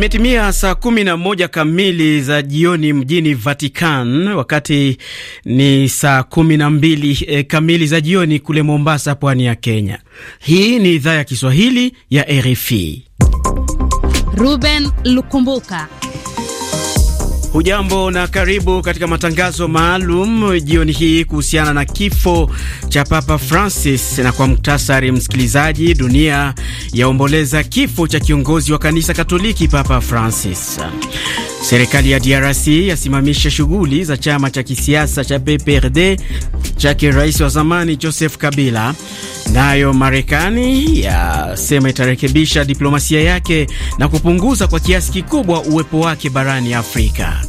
Imetimia saa kumi na moja kamili za jioni mjini Vatican, wakati ni saa kumi na mbili e, kamili za jioni kule Mombasa, pwani ya Kenya. Hii ni idhaa ya Kiswahili ya RFI. Ruben Lukumbuka Hujambo na karibu katika matangazo maalum jioni hii kuhusiana na kifo cha Papa Francis. Na kwa muktasari, msikilizaji, dunia yaomboleza kifo cha kiongozi wa kanisa Katoliki Papa Francis. Serikali ya DRC yasimamisha shughuli za chama cha kisiasa cha PPRD chake rais wa zamani Joseph Kabila. Nayo Marekani yasema itarekebisha diplomasia yake na kupunguza kwa kiasi kikubwa uwepo wake barani Afrika.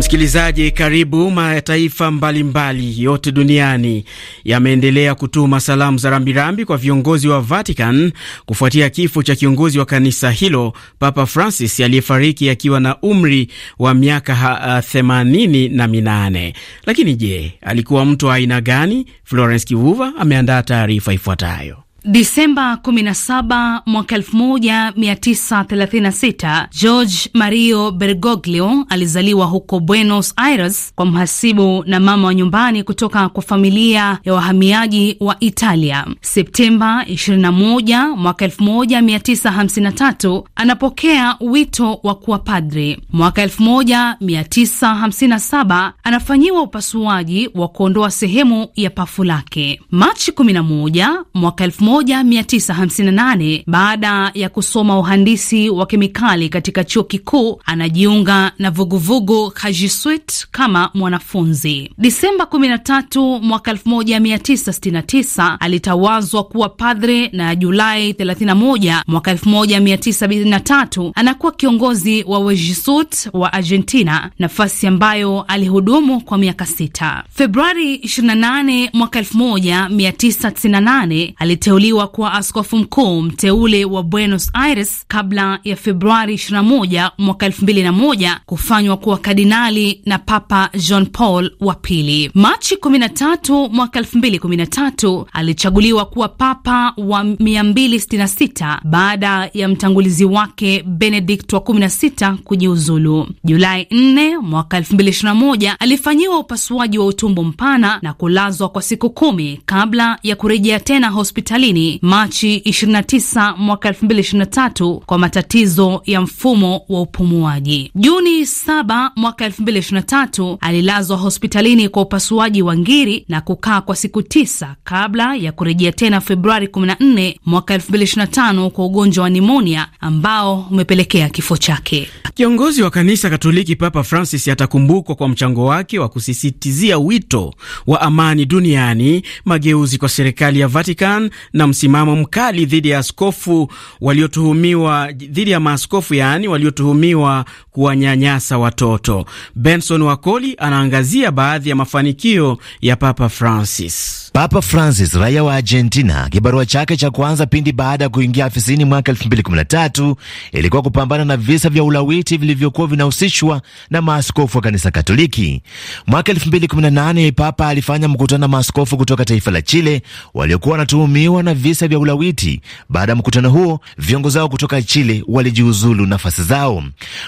Msikilizaji, karibu. Mataifa mbalimbali yote duniani yameendelea kutuma salamu za rambirambi kwa viongozi wa Vatican kufuatia kifo cha kiongozi wa kanisa hilo Papa Francis aliyefariki akiwa na umri wa miaka ah, themanini na minane. Lakini je, alikuwa mtu wa aina gani? Florence Kivuva ameandaa taarifa ifuatayo. Disemba 17 mwaka 1936 George Mario Bergoglio alizaliwa huko Buenos Aires kwa mhasibu na mama wa nyumbani kutoka kwa familia ya wahamiaji wa Italia. Septemba 21 mwaka 1953 anapokea wito wa kuwa padri. Mwaka 1957 anafanyiwa upasuaji wa kuondoa sehemu ya pafu lake. Machi 11 mwaka 1958 baada ya kusoma uhandisi wa kemikali katika chuo kikuu, anajiunga na vuguvugu Kajisuit kama mwanafunzi. Disemba 13 mwaka 1969 alitawazwa kuwa padre na Julai 31 mwaka 1973 anakuwa kiongozi wa Wajisut wa Argentina, nafasi ambayo alihudumu kwa miaka sita. Februari 28 mwaka 1998 aliteuliwa kuteuliwa kuwa askofu mkuu mteule wa Buenos Aires kabla ya Februari 21 mwaka 2001 kufanywa kuwa kardinali na Papa John Paul wa pili. Machi 13 mwaka 2013 alichaguliwa kuwa papa wa 266 baada ya mtangulizi wake Benedict wa 16 kujiuzulu. Julai 4 mwaka 2021 alifanyiwa upasuaji wa utumbo mpana na kulazwa kwa siku kumi kabla ya kurejea tena hospitali Kusini Machi 29 mwaka 2023 kwa matatizo ya mfumo wa upumuaji. Juni 7 mwaka 2023 alilazwa hospitalini kwa upasuaji wa ngiri na kukaa kwa siku tisa kabla ya kurejea tena Februari 14 mwaka 2025 kwa ugonjwa wa nimonia ambao umepelekea kifo chake. Kiongozi wa kanisa Katoliki Papa Francis atakumbukwa kwa mchango wake wa kusisitizia wito wa amani duniani, mageuzi kwa serikali ya Vatican na msimamo mkali dhidi ya askofu waliotuhumiwa dhidi ya maaskofu yaani waliotuhumiwa kuwanyanyasa watoto. Benson Wakoli anaangazia baadhi ya mafanikio ya Papa Francis. Papa Francis, raia wa Argentina, kibarua chake cha kwanza pindi baada ya kuingia afisini mwaka 2013 ilikuwa kupambana na visa vya ulawiti vilivyokuwa vinahusishwa na maaskofu wa kanisa Katoliki. Mwaka 2018 Papa alifanya mkutano na maaskofu kutoka taifa la Chile waliokuwa wanatuhumiwa na na visa vya ulawiti. Baada ya mkutano huo, viongozi hao kutoka Chile walijiuzulu nafasi zao.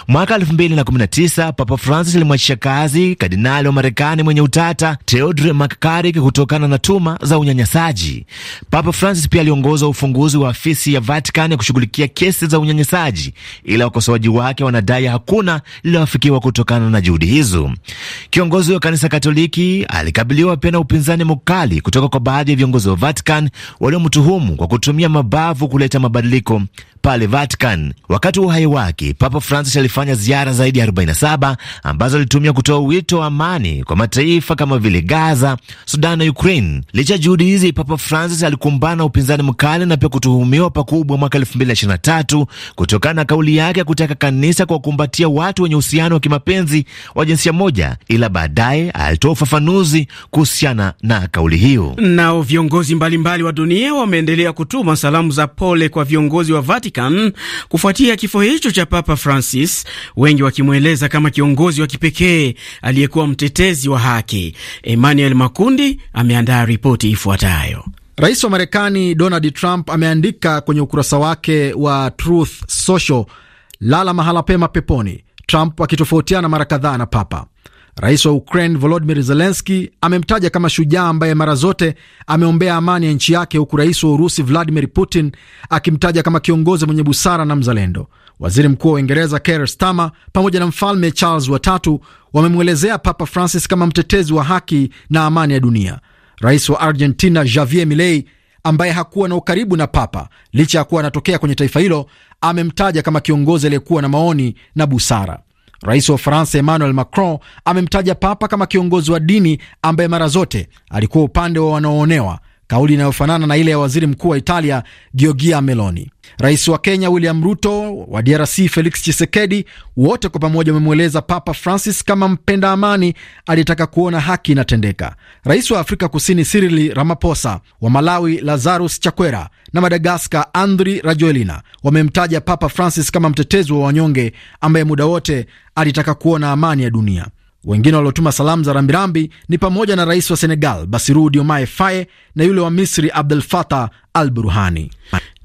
Mwaka 2019 Papa Francis alimwachisha kazi kardinali wa Marekani mwenye utata Theodore McCarrick kutokana na tuma za unyanyasaji. Papa Francis pia aliongoza ufunguzi wa afisi ya Vatican ya kushughulikia kesi za unyanyasaji, ila wakosoaji wake wanadai hakuna lililoafikiwa kutokana na juhudi hizo. Kiongozi wa kanisa Katoliki alikabiliwa pia na upinzani mkali kutoka kwa baadhi ya viongozi wa Vatican walio kutuhumu kwa kutumia mabavu kuleta mabadiliko pale Vatican. Wakati wa uhai wake, Papa Francis alifanya ziara zaidi ya 47 ambazo alitumia kutoa wito wa amani kwa mataifa kama vile Gaza, Sudan na Ukraine. Licha ya juhudi hizi, Papa Francis alikumbana na upinzani mkali na pia kutuhumiwa pakubwa mwaka 2023 kutokana na kauli yake ya kutaka kanisa kuwakumbatia watu wenye uhusiano wa kimapenzi wa jinsia moja, ila baadaye alitoa ufafanuzi kuhusiana na kauli hiyo. Nao viongozi mbalimbali mbali wa dunia wameendelea kutuma salamu za pole kwa viongozi wa Vatican Vatican kufuatia kifo hicho cha Papa Francis, wengi wakimweleza kama kiongozi wa kipekee aliyekuwa mtetezi wa haki. Emmanuel Makundi ameandaa ripoti ifuatayo. Rais wa Marekani Donald Trump ameandika kwenye ukurasa wake wa Truth Social, lala mahala pema peponi. Trump akitofautiana mara kadhaa na Papa Rais wa Ukraine volodimir zelenski amemtaja kama shujaa ambaye mara zote ameombea amani ya nchi yake, huku rais wa Urusi Vladimir Putin akimtaja kama kiongozi mwenye busara na mzalendo. Waziri mkuu wa Uingereza Keir Starmer pamoja na mfalme Charles watatu wamemwelezea Papa Francis kama mtetezi wa haki na amani ya dunia. Rais wa Argentina Javier Milei ambaye hakuwa na ukaribu na Papa licha ya kuwa anatokea kwenye taifa hilo amemtaja kama kiongozi aliyekuwa na maoni na busara. Rais wa Ufaransa Emmanuel Macron amemtaja Papa kama kiongozi wa dini ambaye mara zote alikuwa upande wa wanaoonewa kauli inayofanana na ile ya waziri mkuu wa Italia Giorgia Meloni. Rais wa Kenya William Ruto, wa DRC Felix Tshisekedi, wote kwa pamoja wamemweleza Papa Francis kama mpenda amani aliyetaka kuona haki inatendeka. Rais wa Afrika Kusini Cyril Ramaphosa, wa Malawi Lazarus Chakwera na Madagaskar Andry Rajoelina wamemtaja Papa Francis kama mtetezi wa wanyonge ambaye muda wote alitaka kuona amani ya dunia. Wengine waliotuma salamu za rambirambi ni pamoja na rais wa Senegal Bassirou Diomaye Faye na yule wa Misri Abdel Fattah al Burhani.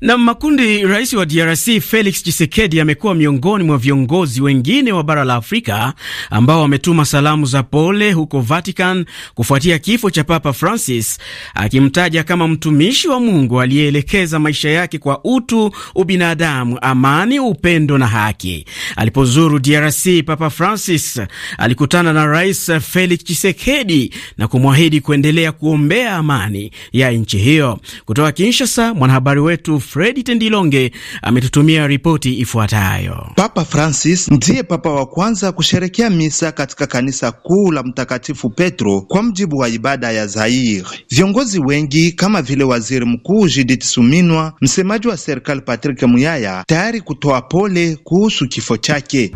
Na makundi. Rais wa DRC Felix Tshisekedi amekuwa miongoni mwa viongozi wengine wa bara la Afrika ambao wametuma salamu za pole huko Vatican kufuatia kifo cha Papa Francis, akimtaja kama mtumishi wa Mungu aliyeelekeza maisha yake kwa utu, ubinadamu, amani, upendo na haki. Alipozuru DRC, Papa Francis alikutana na Rais Felix Tshisekedi na kumwahidi kuendelea kuombea amani ya nchi hiyo. Kutoka Kinshasa, mwanahabari wetu Fredi Tendilonge ametutumia ripoti ifuatayo. Papa Francis ndiye papa wa kwanza kusherekea misa katika kanisa kuu la Mtakatifu Petro kwa mjibu wa ibada ya Zaire. Viongozi wengi kama vile waziri mkuu Judith Suminwa, msemaji wa serikali Patrick Muyaya tayari kutoa pole kuhusu kifo chake.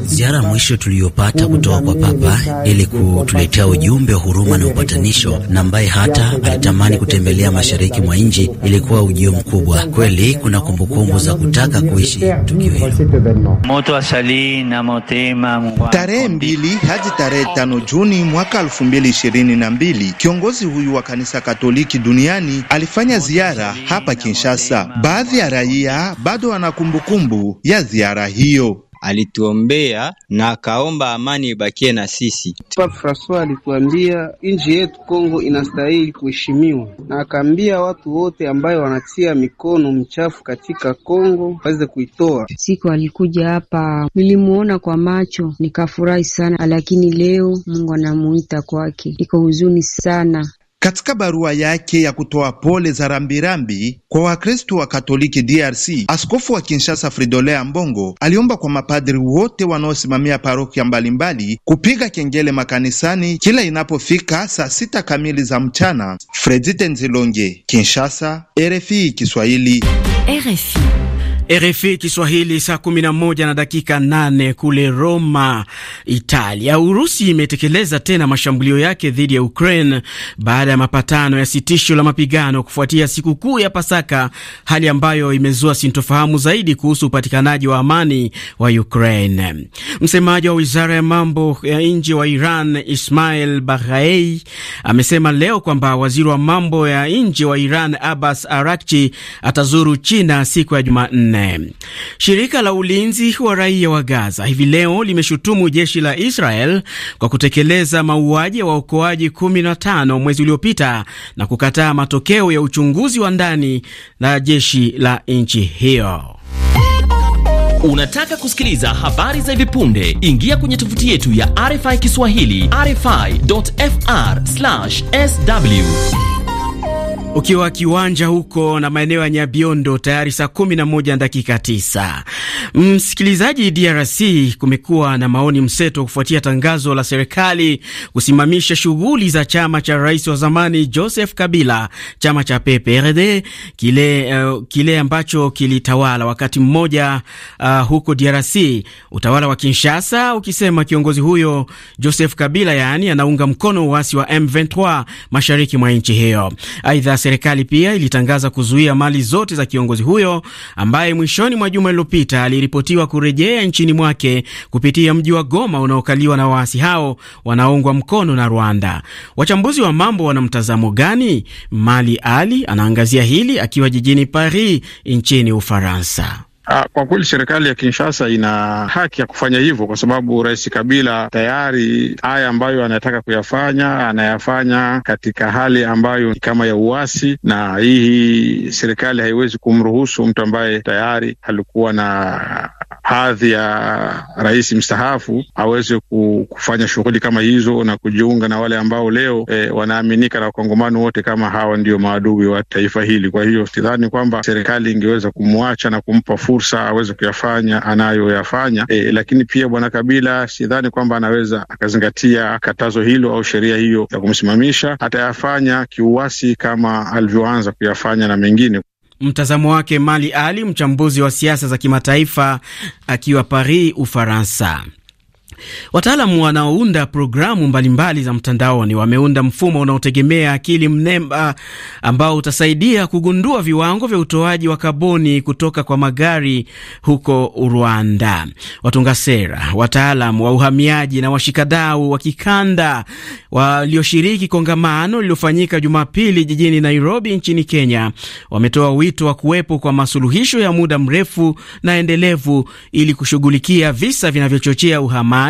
Ziara mwisho tuliyopata kutoka kwa papa ili kutuletea ujumbe wa huruma na upatanisho, na ambaye hata alitamani kutembelea mashariki mwa nchi Ilikuwa ujio mkubwa kweli, kuna kumbukumbu za kutaka kuishi tukio hilo. Tarehe mbili hadi tarehe tano Juni mwaka elfu mbili ishirini na mbili kiongozi huyu wa kanisa Katoliki duniani alifanya ziara hapa Kinshasa. Baadhi ya raia bado wana kumbukumbu ya ziara hiyo alituombea na akaomba amani ibakie na sisi. Papa Francois alituambia nchi yetu Kongo inastahili kuheshimiwa, na akaambia watu wote ambayo wanatia mikono mchafu katika Kongo waweze kuitoa. Siku alikuja hapa, nilimuona kwa macho nikafurahi sana, lakini leo Mungu anamuita kwake, iko huzuni sana katika barua yake ya kutoa pole za rambirambi kwa Wakristo wa Katoliki DRC, askofu wa Kinshasa Fridolin Ambongo aliomba kwa mapadri wote wanaosimamia parokia mbalimbali kupiga kengele makanisani kila inapofika saa sita kamili za mchana. Fredite Nzilonge, Kinshasa, RFI Kiswahili, RFI. RFI Kiswahili saa 11 na dakika 8 kule Roma, Italia. Urusi imetekeleza tena mashambulio yake dhidi ya Ukraine baada ya mapatano ya sitisho la mapigano kufuatia sikukuu ya Pasaka, hali ambayo imezua sintofahamu zaidi kuhusu upatikanaji wa amani wa Ukraine. Msemaji wa wizara ya mambo ya nje wa Iran Ismail baghaei amesema leo kwamba waziri wa mambo ya nje wa Iran Abbas Arakchi atazuru China siku ya Jumanne. Jumanne. Shirika la ulinzi wa raia wa Gaza hivi leo limeshutumu jeshi la Israel kwa kutekeleza mauaji ya waokoaji 15 mwezi uliopita na kukataa matokeo ya uchunguzi wa ndani na jeshi la nchi hiyo. Unataka kusikiliza habari za hivi punde? Ingia kwenye tovuti yetu ya RFI Kiswahili, rfi.fr/sw ukiwa kiwanja huko na maeneo ya Nyabiondo tayari saa kumi na moja dakika tisa. Msikilizaji, DRC kumekuwa na maoni mseto kufuatia tangazo la serikali kusimamisha shughuli za chama cha rais wa zamani Joseph Kabila, chama cha PPRD kile, uh, kile ambacho kilitawala wakati mmoja uh, huko DRC, utawala wa Kinshasa ukisema kiongozi huyo Joseph Kabila yaani anaunga mkono uasi wa M23 mashariki mwa nchi hiyo. Aidha, serikali pia ilitangaza kuzuia mali zote za kiongozi huyo ambaye mwishoni mwa juma lililopita aliripotiwa kurejea nchini mwake kupitia mji wa Goma unaokaliwa na waasi hao wanaoungwa mkono na Rwanda. Wachambuzi wa mambo wana mtazamo gani? Mali Ali anaangazia hili akiwa jijini Paris nchini Ufaransa. Ah, kwa kweli serikali ya Kinshasa ina haki ya kufanya hivyo, kwa sababu Rais Kabila tayari haya ambayo anataka kuyafanya anayafanya katika hali ambayo ni kama ya uasi, na hii serikali haiwezi kumruhusu mtu ambaye tayari alikuwa na hadhi ya rais mstaafu aweze kufanya shughuli kama hizo na kujiunga na wale ambao leo e, wanaaminika na wakongomano wote kama hawa ndio maadui wa taifa hili. Kwa hiyo sidhani kwamba serikali ingeweza kumwacha na kumpa fursa aweze kuyafanya anayoyafanya. E, lakini pia bwana Kabila sidhani kwamba anaweza akazingatia katazo hilo au sheria hiyo ya kumsimamisha. Atayafanya kiuasi kama alivyoanza kuyafanya na mengine. Mtazamo wake Mali Ali, mchambuzi wa siasa za kimataifa akiwa Paris, Ufaransa. Wataalamu wanaounda programu mbalimbali za mtandaoni wameunda mfumo unaotegemea akili mnemba ambao utasaidia kugundua viwango vya utoaji wa kaboni kutoka kwa magari huko Rwanda. Watunga sera, wataalam wa uhamiaji na washikadau wa kikanda walioshiriki kongamano lililofanyika Jumapili jijini Nairobi nchini Kenya wametoa wito wa kuwepo kwa masuluhisho ya muda mrefu na endelevu ili kushughulikia visa vinavyochochea uhamaji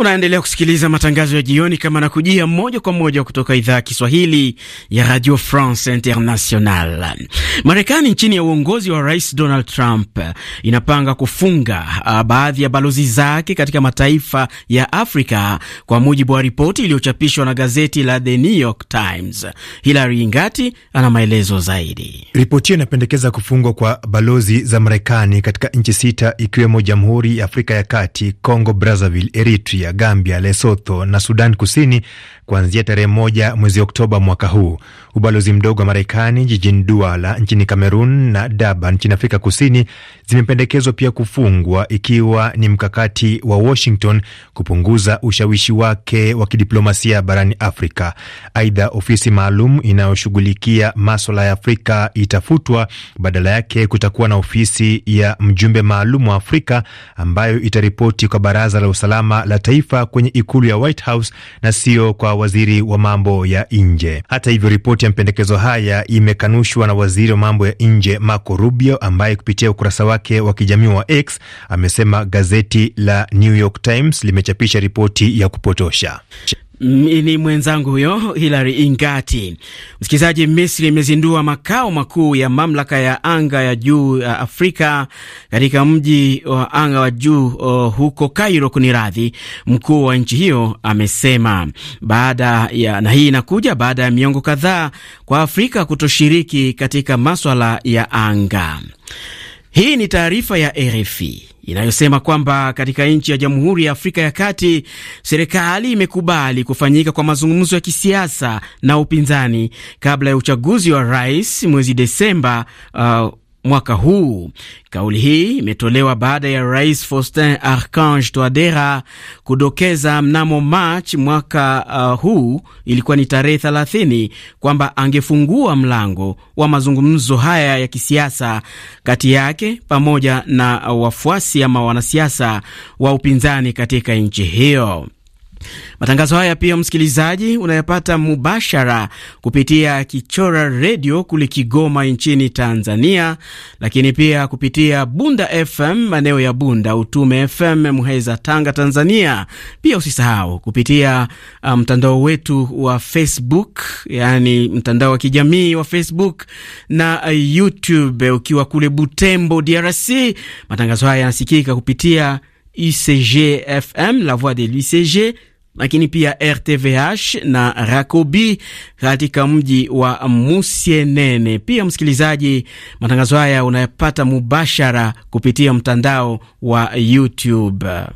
Unaendelea kusikiliza matangazo ya jioni kama nakujia moja kwa moja kutoka idhaa ya Kiswahili ya Radio France International. Marekani chini ya uongozi wa Rais Donald Trump inapanga kufunga ah, baadhi ya balozi zake katika mataifa ya Afrika kwa mujibu wa ripoti iliyochapishwa na gazeti la The New York Times. Hilary Ngati ana maelezo zaidi. Ripoti hiyo inapendekeza kufungwa kwa balozi za Marekani katika nchi sita ikiwemo Jamhuri ya Afrika ya Kati, Congo Brazzaville, Eritrea, ya Gambia, Lesotho na Sudan Kusini kuanzia tarehe moja mwezi Oktoba mwaka huu. Ubalozi mdogo wa Marekani jijini Duala nchini Kamerun na Durban nchini Afrika Kusini zimependekezwa pia kufungwa, ikiwa ni mkakati wa Washington kupunguza ushawishi wake wa kidiplomasia barani Afrika. Aidha, ofisi maalum inayoshughulikia maswala ya Afrika itafutwa. Badala yake kutakuwa na ofisi ya mjumbe maalum wa Afrika ambayo itaripoti kwa Baraza la Usalama la Taifa kwenye ikulu ya White House na sio kwa waziri wa mambo ya nje. Hata hivyo ripoti Ripoti ya mapendekezo haya imekanushwa na waziri wa mambo ya nje Marco Rubio, ambaye kupitia ukurasa wake wa kijamii wa X amesema gazeti la New York Times limechapisha ripoti ya kupotosha ni mwenzangu huyo Hilary Ingati. Msikilizaji, Misri imezindua makao makuu ya mamlaka ya anga ya juu ya uh, Afrika katika mji wa anga wa juu uh, huko Cairo, kuniradhi, mkuu wa nchi hiyo amesema baada ya, na hii inakuja baada ya miongo kadhaa kwa Afrika kutoshiriki katika maswala ya anga. Hii ni taarifa ya RFI inayosema kwamba katika nchi ya Jamhuri ya Afrika ya Kati serikali imekubali kufanyika kwa mazungumzo ya kisiasa na upinzani kabla ya uchaguzi wa rais mwezi Desemba uh, mwaka huu. Kauli hii imetolewa baada ya Rais Faustin Archange Touadera kudokeza mnamo Machi mwaka uh, huu ilikuwa ni tarehe 30 kwamba angefungua mlango wa mazungumzo haya ya kisiasa kati yake pamoja na wafuasi ama wanasiasa wa upinzani katika nchi hiyo. Matangazo haya pia, msikilizaji, unayapata mubashara kupitia Kichora Redio kule Kigoma nchini Tanzania, lakini pia kupitia Bunda FM maeneo ya Bunda, Utume FM Muheza, Tanga, Tanzania. Pia usisahau kupitia uh, mtandao um, wetu wa Facebook, yani mtandao wa kijamii wa Facebook na uh, YouTube ukiwa kule Butembo, DRC. Matangazo haya yanasikika kupitia UCG FM, la voix de l'UCG lakini pia RTVH na Rakobi katika mji wa Musienene. Pia msikilizaji, matangazo haya unayapata mubashara kupitia mtandao wa YouTube.